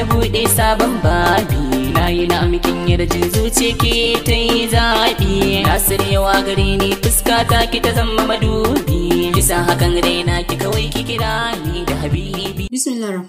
na buɗe sabon babi na yi na mikin yarjin zuci ke ta yi zaɓi na siryawa gare ni fuska ta ki ta zama madubi bismillah hakan raina ki kawai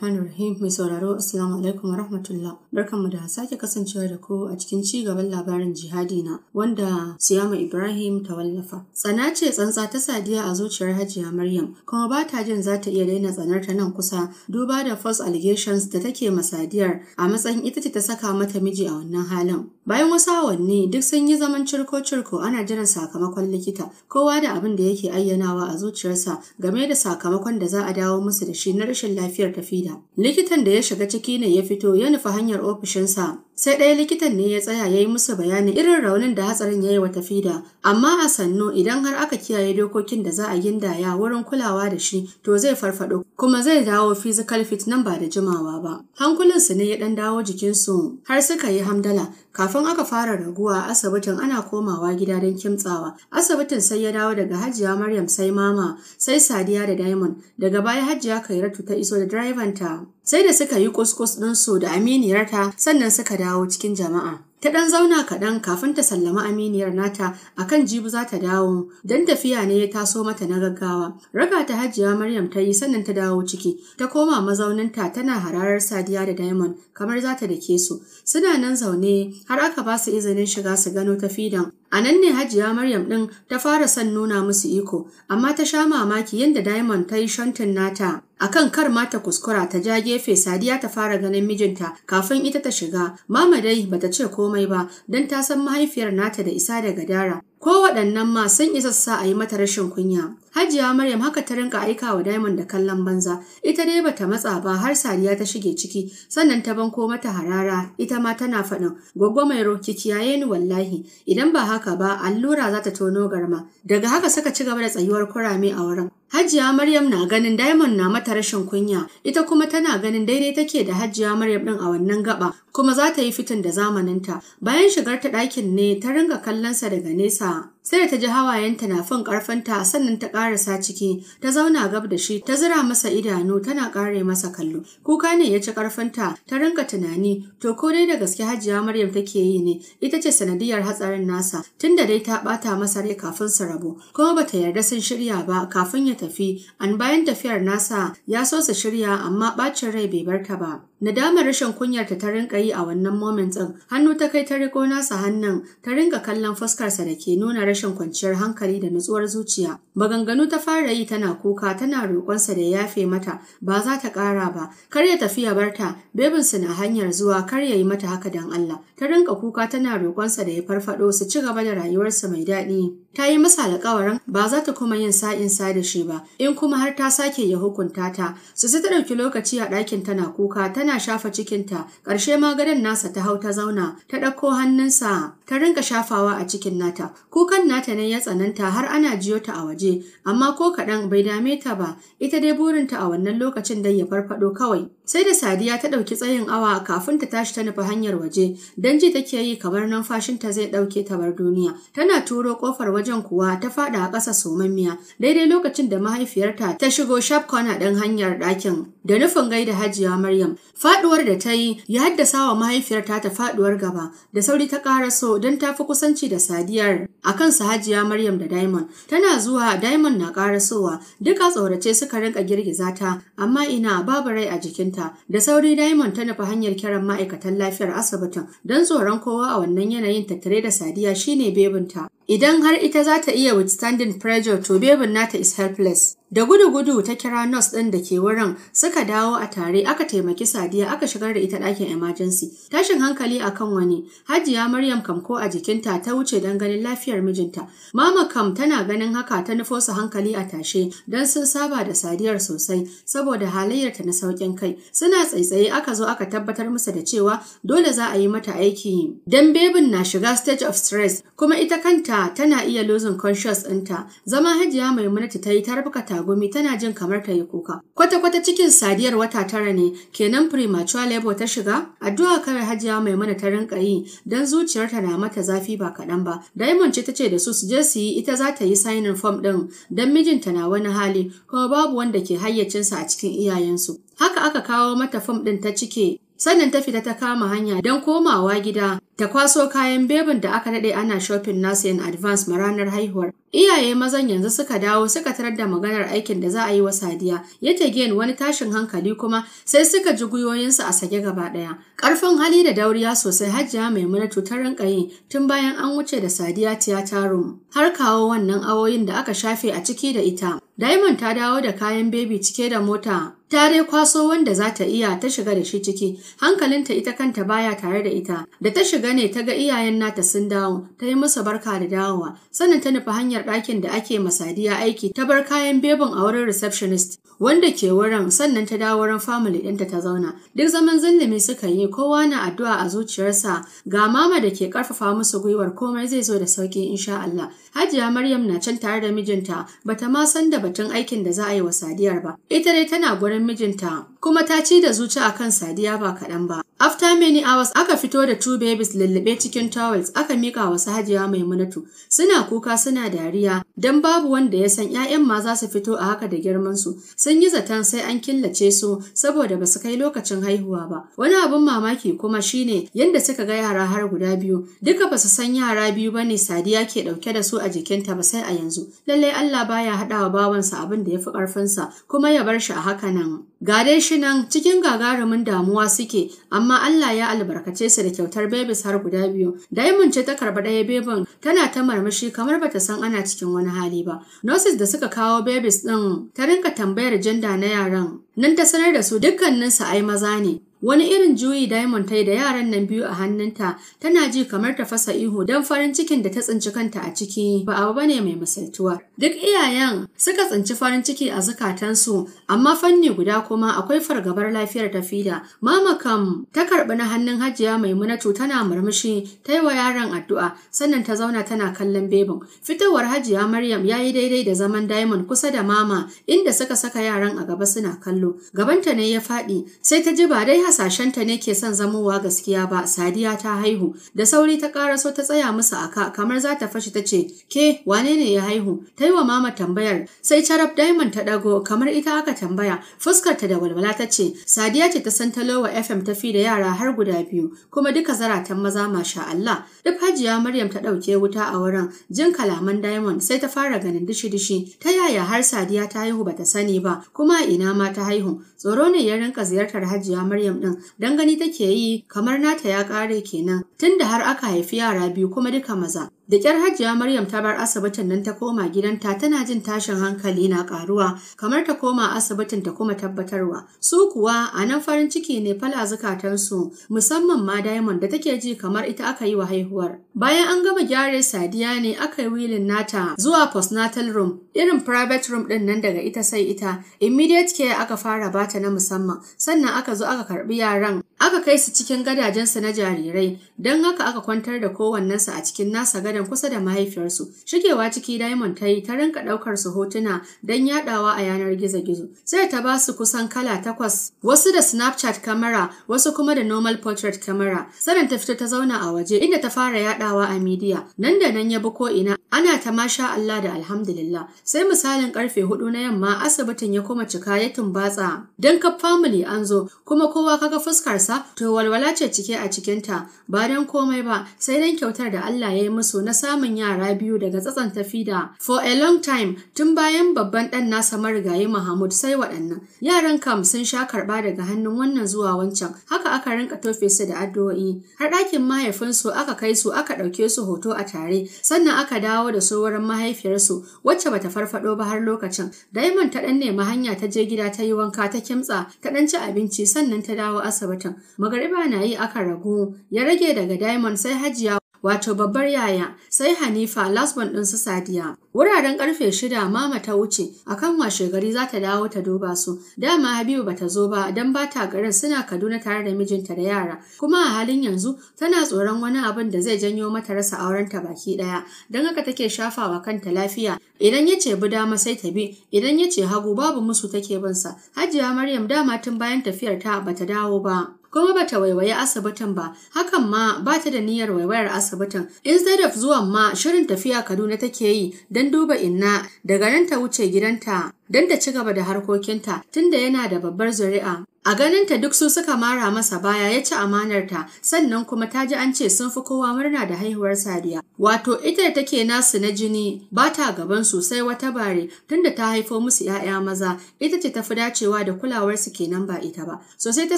rahim mai sauraro assalamu alaikum wa rahmatullah. barkanmu da sake kasancewa da ku a cikin ci gaban labarin jihadi na wanda siyama ibrahim ta wallafa tsana ce tsantsa ta sadiya a zuciyar hajiya maryam kuma ba ta jin za ta iya daina tsanar ta nan kusa duba da false allegations da take sadiyar a matsayin ita ce ta saka mata miji a wannan halin bayan wasu awanni duk sun yi zaman cirko-cirko ana jiran sakamakon likita kowa da abin da yake ayyanawa a zuciyar zuciyarsa game da sakamakon da za a dawo musu da shi na rashin lafiyar tafida. Likitan da ya shiga ciki ne ya fito ya nufi hanyar ofishinsa sai ɗaya likitan ne ya tsaya ya yi musu bayanin irin raunin da hatsarin ya yi wa tafida amma a sannu idan har aka kiyaye dokokin da za a gindaya wurin kulawa da shi to zai farfado kuma zai dawo physical fit nan ba da jimawa ba hankulinsu ne ya ɗan dawo jikinsu har suka yi hamdala kafin aka fara raguwa asibitin ana komawa gida don kimtsawa asibitin sai ya dawo daga hajiya maryam sai mama sai sadiya da diamond daga baya hajiya kairatu ta iso da direbanta Sai da suka yi kuskus ɗinsu da aminiyarta sannan suka dawo cikin jama'a. Ta ɗan zauna kaɗan kafin ta sallama aminiyar nata a kan jibu za ta dawo, don tafiya ne ya taso mata na gaggawa. Raga ta hajiya Maryam ta yi sannan ta dawo ciki, ta koma mazauninta tana hararar Sadiya da Diamond kamar za ta dake su. Suna nan zaune har aka ba su izinin shiga su gano ta fidan. A nan ne hajiya Maryam ɗin ta fara son nuna musu iko, amma ta sha mamaki yadda Diamond ta yi shantin nata akan kar mata kuskura ta ja gefe sadiya ta fara ganin mijinta kafin ita ta shiga mama dai bata ce komai ba don ta san mahaifiyar nata da isa daga dara Ko waɗannan ma sun isa sa a yi mata rashin kunya. Hajiya Maryam haka ta rinka aika wa Diamond da kallon banza. Ita dai bata matsa ba har Sadiya ta shige ciki, sannan ta banko mata harara, ita ma tana faɗin, gwaggwa mai roki kiyaye ni wallahi, idan ba haka ba allura za ta tono garma." Daga haka suka ci gaba da tsayuwar kurame a wurin. Hajiya Maryam na ganin Diamond na mata rashin kunya, ita kuma tana ganin daidai take da Hajiya Maryam ɗin a wannan gaba, kuma za ta yi fitin da zamaninta. Bayan shigar ta ɗakin ne ta ringa kallonsa daga nesa あ。ん sai da ta ji hawayenta na fin ƙarfinta sannan ta ƙarasa ciki ta zauna gab da shi ta zira masa idanu tana ƙare masa kallo kuka ne ya ci ƙarfinta ta rinka tunani to ko dai da gaske hajiya maryam take yi ne ita ce sanadiyar hatsarin nasa tunda dai ta ɓata masa rai kafin su rabu kuma bata yarda sun shirya ba kafin ya tafi an bayan tafiyar nasa ya so su shirya amma ɓacin rai bai bar ta ba nadamar rashin kunyarta ta rinka yi a wannan moment ɗin hannu ta kai ta riko nasa hannun ta rinka kallon fuskarsa da ke nuna rashin kwanciyar hankali da nutsuwar zuciya. Maganganu ta fara yi tana kuka tana roƙonsa da ya yafe mata ba za ta ƙara ba kar ya tafi ya barta bebinsu na hanyar zuwa kar ya yi mata haka don Allah. Ta rinka kuka tana roƙonsa da ya farfaɗo su ci gaba da rayuwarsa mai daɗi. Ta yi masa alƙawarin ba za ta kuma yin sa'in sa da shi ba in kuma har ta sake ya hukunta ta. Su ta ɗauki lokaci a ɗakin tana kuka tana shafa cikinta ƙarshe ma gadon nasa ta hau ta zauna ta ɗauko hannunsa ta rinka shafawa a cikin nata. Kukan nata ne ya tsananta har ana jiyo ta a waje, amma ko kaɗan bai dame ta ba, ita dai burinta a wannan lokacin dai ya farfaɗo kawai. Sai da Sadiya ta ɗauki tsayin awa kafin ta tashi ta nufi hanyar waje, don ji take yi kamar numfashinta zai ɗauke ta bar duniya. Tana turo ƙofar wajen kuwa ta faɗa a ƙasa somammiya, daidai lokacin da mahaifiyarta ta shigo sharp corner ɗan hanyar ɗakin da nufin gaida Hajiya Maryam. Faɗuwar da ta yi ya haddasa wa mahaifiyarta ta faɗuwar gaba, da sauri ta ƙara so don ta fi kusanci da sadiyar a kan hajiya Maryam da Diamond. Tana zuwa Diamond na karasowa duka tsorace suka rinka girgiza ta amma ina babu rai a jikinta. Da sauri Diamond ta nufi hanyar kiran ma'aikatan lafiyar asibitin don tsoron kowa a wannan yanayin tattare da sadiya shine bebinta. Idan har ita za ta iya withstanding pressure to bebin nata is helpless. Da gudu-gudu ta kira nurse ɗin da ke wurin suka dawo a tare aka taimaki Sadiya aka shigar da ita ɗakin emergency. Tashin hankali a kan wani, Hajiya Maryam kam ko a jikinta ta wuce don ganin lafiyar mijinta. Mama kam tana ganin haka ta nufo su hankali a tashe don sun saba da Sadiyar sosai saboda halayyarta na sauƙin kai. Suna tsaitsaye aka zo aka tabbatar musu da cewa dole za a yi mata aiki. Dan bebin na shiga stage of stress kuma ita kanta tana iya losing conscious ɗinta. Zama Hajiya Maimunatu ta yi ta gumi tana jin kamar ta yi kuka. Kwata-kwata cikin sadiyar wata tara ne kenan premature labor ta shiga? Addu'a kawai hajiya maimuna ta rinka yi don zuciyarta na mata zafi ba kaɗan ba. Diamond ce ta ce da su su je su yi ita za ta yi signing form ɗin don mijinta na wani hali kuma babu wanda ke hayyacinsa a cikin iyayensu. Haka aka kawo mata fom ɗin ta cike Sannan ta fita ta kama hanya don komawa gida ta kwaso kayan bebin da aka daɗe ana shopping nasu in advance ma ranar haihuwar. Iyaye mazan yanzu suka dawo suka tarar da maganar aikin da za a yi wa Sadiya, yata gen wani tashin hankali kuma sai suka ji gwiwoyinsu a sage gaba ɗaya. Ƙarfin hali da dauriya sosai hajjiya maimuna cutar rinka tun bayan an wuce da Sadiya tiyata room har kawo wannan awoyin da aka shafe a ciki da ita. Diamond ta dawo da kayan bebi cike da mota Tare kwaso wanda za ta iya ta shiga da shi ciki, hankalinta ita kanta baya tare da ita. Da ta shiga ne ta ga iyayen nata sun dawo, ta yi musu barka da dawowa, sannan ta nufi hanyar ɗakin da ake masadiya aiki, ta bar kayan bebin a wurin receptionist, wanda ke wurin sannan ta dawo wurin family ɗinta ta zauna. Duk zaman zillimi suka yi kowa na addu'a a zuciyarsa ga mama da ke ƙarfafa musu gwiwar komai zai zo da sauƙi insha Allah. Hajiya Maryam na can tare da mijinta bata ma san da batun aikin da za a yi wa Sadiyar ba. Ita dai tana gurin mijinta kuma ta ci da zuci akan Sadiya ba kaɗan ba. After many hours aka fito da two babies lullube cikin towels aka mika wa Hajiya Maimunatu. Suna kuka suna dariya dan babu wanda ya san ƴaƴan ma za su fito a haka da girman su. Sun yi zaton sai an killace su saboda ba su kai lokacin haihuwa ba. Wani abin mamaki kuma shine yadda suka ga yara har guda biyu. Duka ba su san yara biyu bane Sadiya ke dauke da su a jikinta ba sai a yanzu. lallai Allah baya hada wa bawansa abin da ya fi ƙarfinsa kuma ya bar shi a haka nan. Ga dai shi nan cikin gagarumin damuwa suke amma amma Allah ya albarkace su da kyautar babies har guda biyu. Da Diamond ce ta karba ɗaya bebin tana ta marmashi kamar bata san ana cikin wani hali ba. Nurses da suka kawo babies ɗin ta rinka tambayar janda na yaran. Nan ta sanar da su dukkaninsu ai maza ne. Wani irin juyi Diamond ta yi da yaran nan biyu a hannunta, tana ji kamar ta fasa ihu don farin cikin da ta tsinci kanta a ciki ba abu bane mai misaltuwa. Duk iyayen suka tsinci farin ciki a zukatansu, amma fanni guda kuma akwai fargabar lafiyar tafida. Mama kam ta karɓi na hannun Hajiya mai munatu tana murmushi, ta yi wa yaran addu'a, sannan ta zauna tana kallon bebin. Fitowar Hajiya Maryam ya yi daidai da zaman Diamond kusa da mama, inda suka saka yaran a gaba suna kallo. Gabanta ne ya faɗi, sai ta ji ba dai hasashenta ne ke son zamowa gaskiya ba sadiya ta haihu da sauri ta so ta tsaya musu aka kamar za ta fashi ta ce ke wane ne ya haihu ta yi wa mama tambayar sai charab diamond ta ɗago kamar ita aka tambaya fuskarta da walwala ta ce sadiya ce ta san talowa fm ta fi da yara har guda biyu kuma duka zaratan maza masha Allah duk hajiya Maryam ta ɗauke wuta a wurin jin kalaman diamond sai ta fara ganin dishi-dishi ta yaya har sadiya ta haihu bata sani ba kuma ina ma ta haihu tsoro ne ya rinka ziyartar hajiya Maryam ɗin don gani take yi kamar nata ya ƙare kenan tunda har aka haifi yara biyu kuma duka maza Da ƙyar Hajiya Maryam ta bar asibitin nan ta koma gidanta tana jin tashin hankali na karuwa kamar ta koma asibitin ta kuma tabbatarwa. Su kuwa a nan farin ciki ne fala zukatansu musamman ma Diamond da take ji kamar ita aka yi wa haihuwar. Bayan an gama gyare Sadiya ne aka yi wilin nata zuwa postnatal room irin private room ɗin nan daga ita sai ita immediate care aka fara bata na musamman sannan aka zo aka karɓi yaran Aka kai su cikin gadajensu na jarirai, don haka aka kwantar da kowannensu a cikin nasa gadon kusa da mahaifiyarsu. Shigewa ciki Diamond ta yi ta rinka ɗaukar su hotuna don yaɗawa a yanar gizo-gizo. Sai ta ba su kusan kala takwas, wasu da Snapchat camera, wasu kuma da normal portrait camera. Sannan ta fito ta zauna a waje inda ta fara yaɗawa a media. Nan da nan ya bi ko ina, ana ta masha Allah da alhamdulillah. Sai misalin karfe hudu na yamma asibitin ya kuma cika ya tumbatsa. Don ka family an zo, kuma kowa kaga fuskar sa to walwala ce cike a cikinta ba don komai ba sai don kyautar da Allah ya yi musu na samun yara biyu daga tsatsan tafida da for a long time tun bayan babban ɗan nasa marigayi Mahmud sai waɗannan yaran kam sun sha karɓa daga hannun wannan zuwa wancan haka aka rinka tofe su da addu'o'i har ɗakin mahaifinsu aka kai su aka ɗauke su hoto a tare sannan aka dawo da su wurin mahaifiyarsu wacce bata farfaɗo ba har lokacin Diamond ta ɗan nemi hanya ta je gida ta yi wanka ta kimtsa ta ɗan ci abinci sannan ta dawo asibitin magariba na yi aka ragu ya rage daga diamond sai hajiya wato babbar yaya sai hanifa lasbon ɗin su sadiya wuraren karfe shida mama ta wuce akan washe gari za ta dawo ta duba su dama habibu bata zo ba don ba ta garin suna kaduna tare da mijinta da yara kuma a halin yanzu tana tsoron wani abin da zai janyo mata rasa aurenta baki ɗaya don haka take shafawa kanta lafiya idan ya ce bi dama sai ta bi idan ya ce hagu babu musu take bansa hajiya maryam dama tun bayan tafiyar ta bata dawo ba kuma bata waiwayi asibitin ba hakan ma bata da niyyar waiwayar asibitin instead of zuwan ma shirin tafiya Kaduna take yi don duba inna daga nan ta wuce gidanta don ta ci gaba da harkokinta tunda yana da babbar zuri'a A ganinta duk su suka mara masa baya ya ci amanarta, sannan kuma ta ji an ce sun fi kowa murna da haihuwar Sadiya. Wato ita da take nasu na jini ba ta gaban sosai wata bare tunda ta haifo musu ‘ya'ya maza, ita ce ta fi dacewa da kulawar su kenan ba ita ba. Sosai ta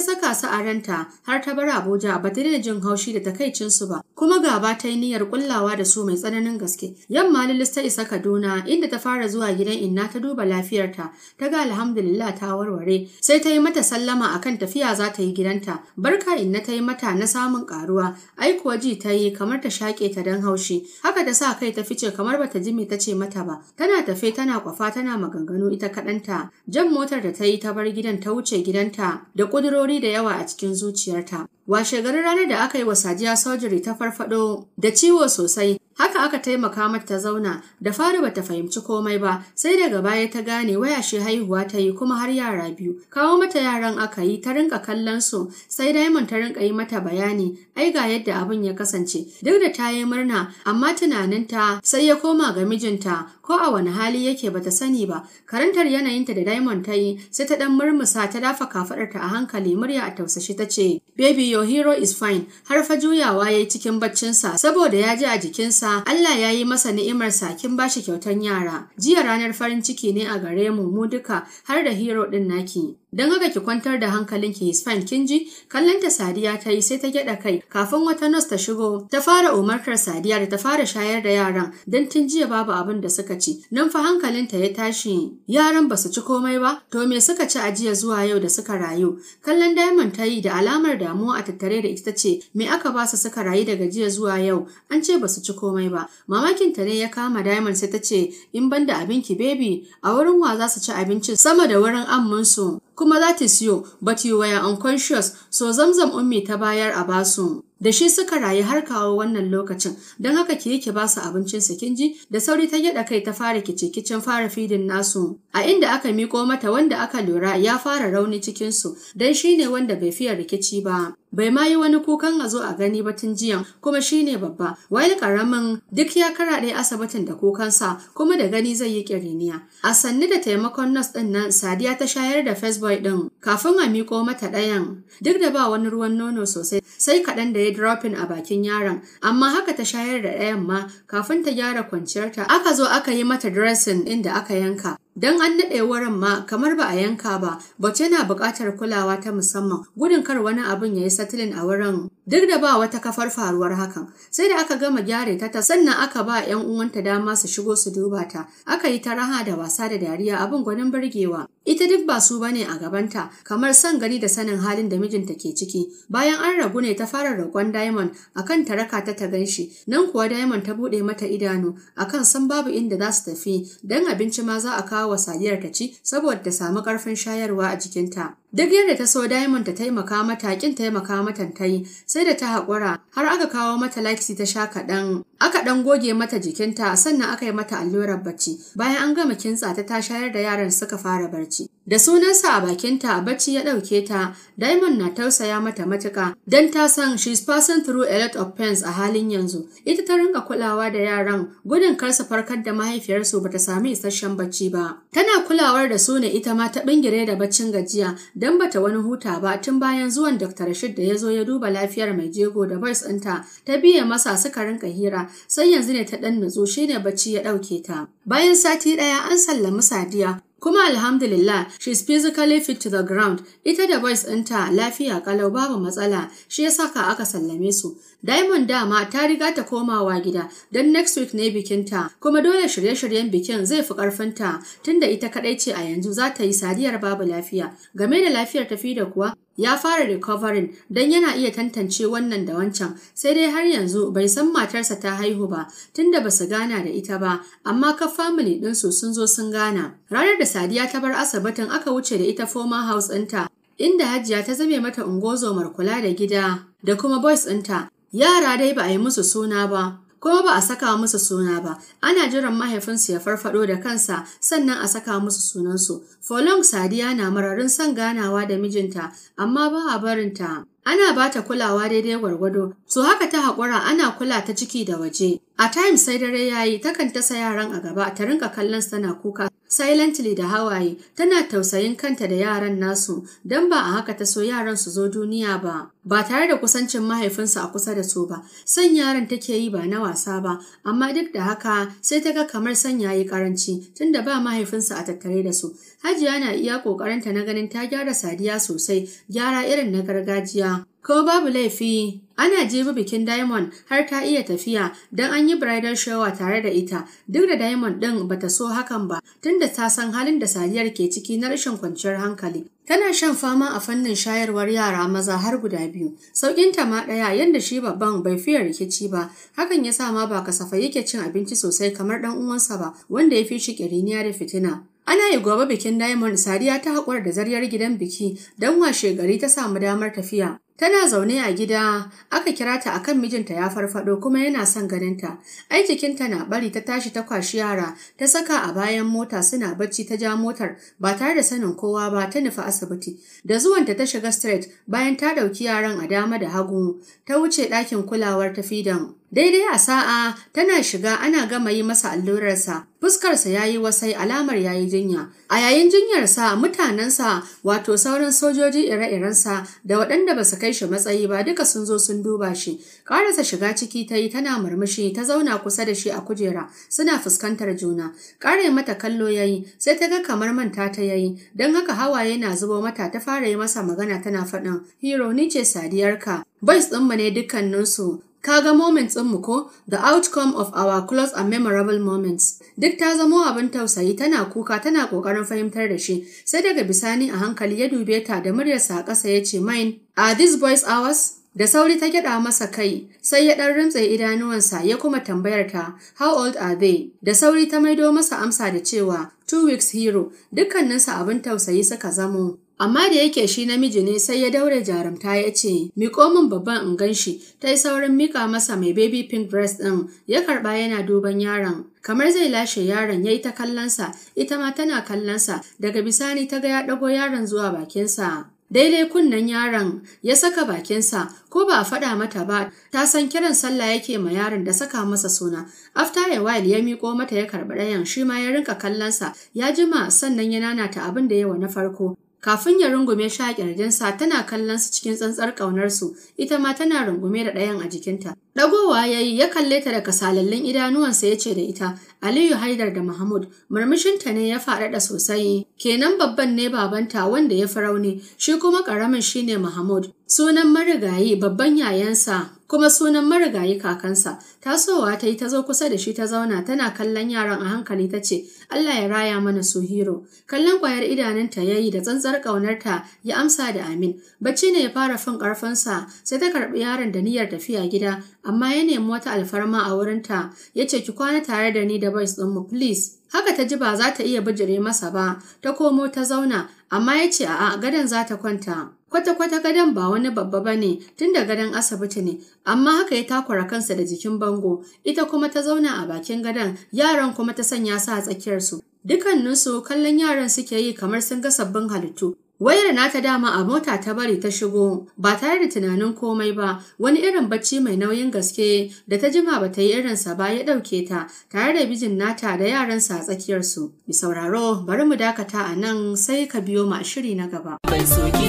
saka su a ranta har ta bar Abuja ba ta da jin haushi da su ba, kuma gaba ta yi niyyar kullawa da su mai tsananin gaske. Yamma Lilis ta isa Kaduna inda ta fara zuwa gidan inna ta duba lafiyarta, ta ga alhamdulillah ta warware, sai ta yi mata sallah sallama akan tafiya za ta yi gidanta. Barka inna ta yi mata na samun karuwa. Ai kuwa ji ta yi kamar ta shaƙe ta don haushi. Haka da sa kai ta fice kamar bata ji me ta ce mata ba. Tana tafe tana kwafa tana maganganu ita kaɗanta. Jan motar da ta yi ta bar gidan ta wuce gidanta da ƙudurori da yawa a cikin zuciyarta. Washe garin ranar da aka yi wa Sadiya sojiri ta farfado da ciwo sosai Haka aka taimaka mata ta zauna, da fara bata fahimci komai ba, sai daga baya ta gane waya shi haihuwa ta yi kuma har yara biyu. Kawo mata yaran aka yi ta rinka kallon su, sai Diamond ta rinka yi mata bayani, ai ga yadda abin ya kasance. Duk da ta yi murna, amma tunaninta sai ya koma ga mijinta ko a wani hali yake bata sani ba karantar yanayinta da Diamond ta yi sai ta ɗan murmusa ta dafa kafaɗarta a hankali murya a tausashi ta ce baby your hero is fine har fa juyawa yayi cikin baccinsa saboda ya ji a jikinsa Allah ya yi masa ni'imar sa kin bashi kyautar yara jiya ranar farin ciki ne a gare mu mu duka har da hero din naki Don haka ki kwantar da hankalin ki fine kin ji kallanta Sadiya ta yi sai ta gyada kai kafin wata nos ta shigo ta fara umartar Sadiya da ta fara shayar da yaran don tun jiya babu abin da suka ci. Nan fa hankalinta ya tashi yaran ba su ci komai ba to me suka ci a jiya zuwa yau da suka rayu. Kallon Diamond ta yi da alamar damuwa a tattare da ita ce me aka ba su suka rayu daga jiya zuwa yau an ce ba su ci komai ba. Mamakin ta ne ya kama Diamond sai ta ce in banda da abinki baby a wurin wa za su ci abinci sama da wurin amminsu kuma za ta siyo but you were unconscious so zamzam ummi ta bayar a basu. da shi suka rayu har kawo wannan lokacin don haka ki yi ki basu abincin su kin ji da sauri ta gyada kai ta fara kice kicin fara fidin nasu a inda aka miko mata wanda aka lura ya fara rauni cikin su dan shine wanda bai fiye rikici ba bai ma yi wani kukan a zo a gani ba tun jiya kuma shine babba Wai karamin duk ya kara karaɗe asibitin da kukan sa kuma da gani zai yi kiriniya a sanni da taimakon nas ɗin nan sadiya ta shayar da facebook ɗin kafin a miko mata ɗayan duk da ba wani ruwan nono sosai sai kaɗan da ya dropping a bakin yaron, amma haka ta shayar da ɗayan ma kafin ta gyara kwanciyarta. Aka zo aka yi mata dressing inda aka yanka, Don an naɗe wurin ma kamar ba a yanka ba, bace yana buƙatar kulawa ta musamman gudun kar wani abin ya yi satilin a wurin duk da ba wata kafar faruwar hakan. Sai da aka gama gyare ta ta sannan aka ba 'yan uwanta dama su shigo su duba ta. Aka yi ta raha da wasa da dariya abin gwanin burgewa. Ita duk ba su bane a gabanta, kamar son gani da sanin halin da mijinta ke ciki. Bayan an ragu ne ta fara roƙon Diamond akan ta raka ta ta ganshi, nan kuwa Diamond ta buɗe mata idanu akan san babu inda za su tafi, don abinci ma za a kawo wa Sadiyar ta ci saboda ta samu ƙarfin shayarwa a jikinta. Duk yadda ta so Diamond ta taimaka mata, kin taimaka mata ta yi, sai da ta haƙura, har aka kawo mata Lexi ta sha kaɗan. Aka ɗan goge mata jikinta, sannan aka yi mata allurar bacci. Bayan an gama kintsa ta ta shayar da yaran suka fara barci. Da sunansa a bakinta, bacci ya ɗauke ta, Diamond na tausaya mata matuƙa, don ta san she's passing through a lot of pains a halin yanzu. Ita ta rinka kulawa da yaran, gudun kar su farkar da mahaifiyarsu ba ta sami isasshen bacci ba. Tana kulawar da su ne ita ma ta bingire da baccin gajiya, don bata wani huta ba tun bayan zuwan Dr. Rashid da ya zo ya duba lafiyar mai jego da bars ɗinta ta biye masa suka rinka hira sai yanzu ne ta ɗan nutsu shi ne bacci ya ɗauke ta. Bayan sati ɗaya an sallami Sadiya kuma alhamdulillah she is physically fit to the ground ita da boys ɗinta lafiya kalau babu matsala shi ya saka aka sallame su Diamond dama ta riga ta komawa gida don next week ne bikinta kuma dole shirye-shiryen bikin zai fi ƙarfinta. tunda ita kaɗai ce a yanzu za ta yi sadiyar babu lafiya. Game da lafiyar tafi da kuwa ya fara recovering don yana iya tantance wannan da wancan sai dai har yanzu bai san matarsa ta haihu ba tunda ba su gana da ita ba amma ka family ɗinsu sun zo sun gana ranar da sadiya ta bar asibitin aka wuce da ita former house ɗinta inda hajiya ta zame mata ungozomar kula da gida da kuma boys ɗinta Yara dai ba a yi musu suna ba, kuma ba a saka musu suna ba, ana jiran mahaifinsu ya farfado da kansa sannan a saka musu sunansu. Folong Sadiya na mararin son ganawa da mijinta, amma ba a barinta. Ana ba ta kulawa daidai gwargwado, so haka ta haƙura ana kula ta ciki da waje. A time sai dare ya yi, takan tasa yaran a gaba, ta rinka kallon sana kuka, silently da hawaye, tana tausayin kanta da yaran nasu, don ba a haka ta so yaran su zo duniya ba. ba tare da kusancin mahaifinsa a kusa da su ba San yaron take yi ba na wasa ba amma duk da haka sai ta ga kamar ya yayi karanci tunda ba mahaifinsa a tattare da su hajiya na iya ƙoƙarinta na ganin ta gyara sadiya sosai gyara irin na gargajiya ko babu laifi ana jibi bikin diamond har ta iya tafiya don an yi bridal shower tare da ita duk da diamond din bata so hakan ba tunda ta san halin da sadiyar ke ciki na rashin kwanciyar hankali Tana shan fama a fannin shayarwar yara maza har guda biyu, sauƙinta ma ɗaya yadda shi babban bai fiye rikici ba, hakan ya sa ma ba kasafai yake cin abinci sosai kamar ɗan uwansa ba, wanda ya fi shi ƙiriniya da fitina. Ana yi gobe bikin Diamond Sadiya ta haƙura da zaryar gidan biki don washe gari ta samu damar tafiya. Tana zaune a gida, aka kira ta akan mijinta ya farfado kuma yana son ganinta. Ai jikinta na bari ta tashi ta kwashi yara, ta saka a bayan mota suna bacci ta ja motar ba tare da sanin kowa ba ta nufi asibiti. Da zuwanta ta shiga straight bayan ta ɗauki yaran a dama da hagu, ta wuce ɗakin kulawar ta fidan. Daidai a sa'a tana shiga ana gama yi masa allurarsa, fuskarsa ya yi wasai alamar ya yi jinya. A yayin jinyarsa mutanensa wato sauran sojoji ire-irensa da waɗanda ba su kai shi matsayi ba duka sun zo sun duba shi karasa shiga ciki ta yi tana murmushi ta zauna kusa da shi a kujera suna fuskantar juna kare mata kallo ya yi sai ta ga kamar manta ta ya yi don haka hawaye na zubo mata ta fara yi masa magana tana faɗin hero ni ce sadiyarka boys ɗinmu ne dukkaninsu Kaga moments mu ko? The outcome of our close and memorable moments. Duk ta zamo abin tausayi tana kuka tana ƙoƙarin fahimtar da shi. Sai daga bisani a hankali ya dube ta da muryarsa a ƙasa ya ce mine. Are these boys ours? Da sauri ta gyada masa kai, sai ya ɗan rintse idanuwansa ya kuma tambayar ta, How old are they? Da sauri ta maido masa amsa da cewa, Two weeks hero, dukkaninsa abin tausayi suka zamo. Amma da yake shi namiji ne sai ya daure jarumta ya ce, Miko min babban in gan shi, ta yi saurin mika masa mai baby pink breast ɗin ya karɓa yana duban yaron. Kamar zai lashe yaron ya yi ta kallonsa, ita ma tana kallonsa, daga bisani ta ga ya ɗago yaron zuwa bakinsa. Daidai kunnen yaron ya saka bakinsa ko ba a faɗa mata ba ta san kiran sallah yake ma yaron da saka masa suna. After a while ya miƙo mata ya karɓi ɗayan shi ma ya rinka kallonsa ya jima sannan ya nanata abin da yawa na farko Kafin ya rungume shi a ƙirjinsa tana kallon su cikin tsantsar ƙaunarsu, ita ma tana rungume da ɗayan a jikinta. Ɗagowa ya yi ya kalle ta da kasalallin idanuwansa ya ce da ita, Aliyu Haidar da Mahmud murmushinta ne ya faɗaɗa sosai. Kenan babban ne babanta wanda ya fi rauni, shi kuma ƙaramin shi ne Mahmud. Sunan marigayi babban yayansa kuma sunan marigayi kakansa. Tasowa ta yi ta zo kusa da shi ta zauna tana kallon yaran a hankali ta ce, Allah ya raya mana su Hiro. Kallon ƙwayar idanunta ya yi da tsantsar ƙaunarta ya amsa da amin. Bacci ne ya fara fin ƙarfinsa sai ta karɓi yaron da niyyar tafiya gida, amma ya nemi wata alfarma a wurinta ya ce ki kwana tare da ni da advice ɗinmu please. Haka ta ji ba za ta iya bijire masa ba, ta komo ta zauna, amma ya ce a'a gadon za ta kwanta. Kwata-kwata gadon ba wani babba ba ne, tun da gadon asibiti ne, amma haka ya takura kansa da jikin bango, ita kuma ta zauna a bakin gadon, yaran kuma ta sanya sa a tsakiyarsu. Dukanninsu kallon yaran suke yi kamar sun ga sabbin halittu, Wayar nata dama a mota ta bari ta shigo ba tare da tunanin komai ba wani irin bacci mai nauyin gaske da ta jima ba ta yi irinsa ba ya ɗauke ta tare da bijin nata da yaransa a tsakiyarsu. Mi sauraro bari mu dakata a nan sai ka biyo ma shiri na gaba. Ban soki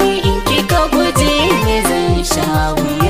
ni in kika guje ne zan sha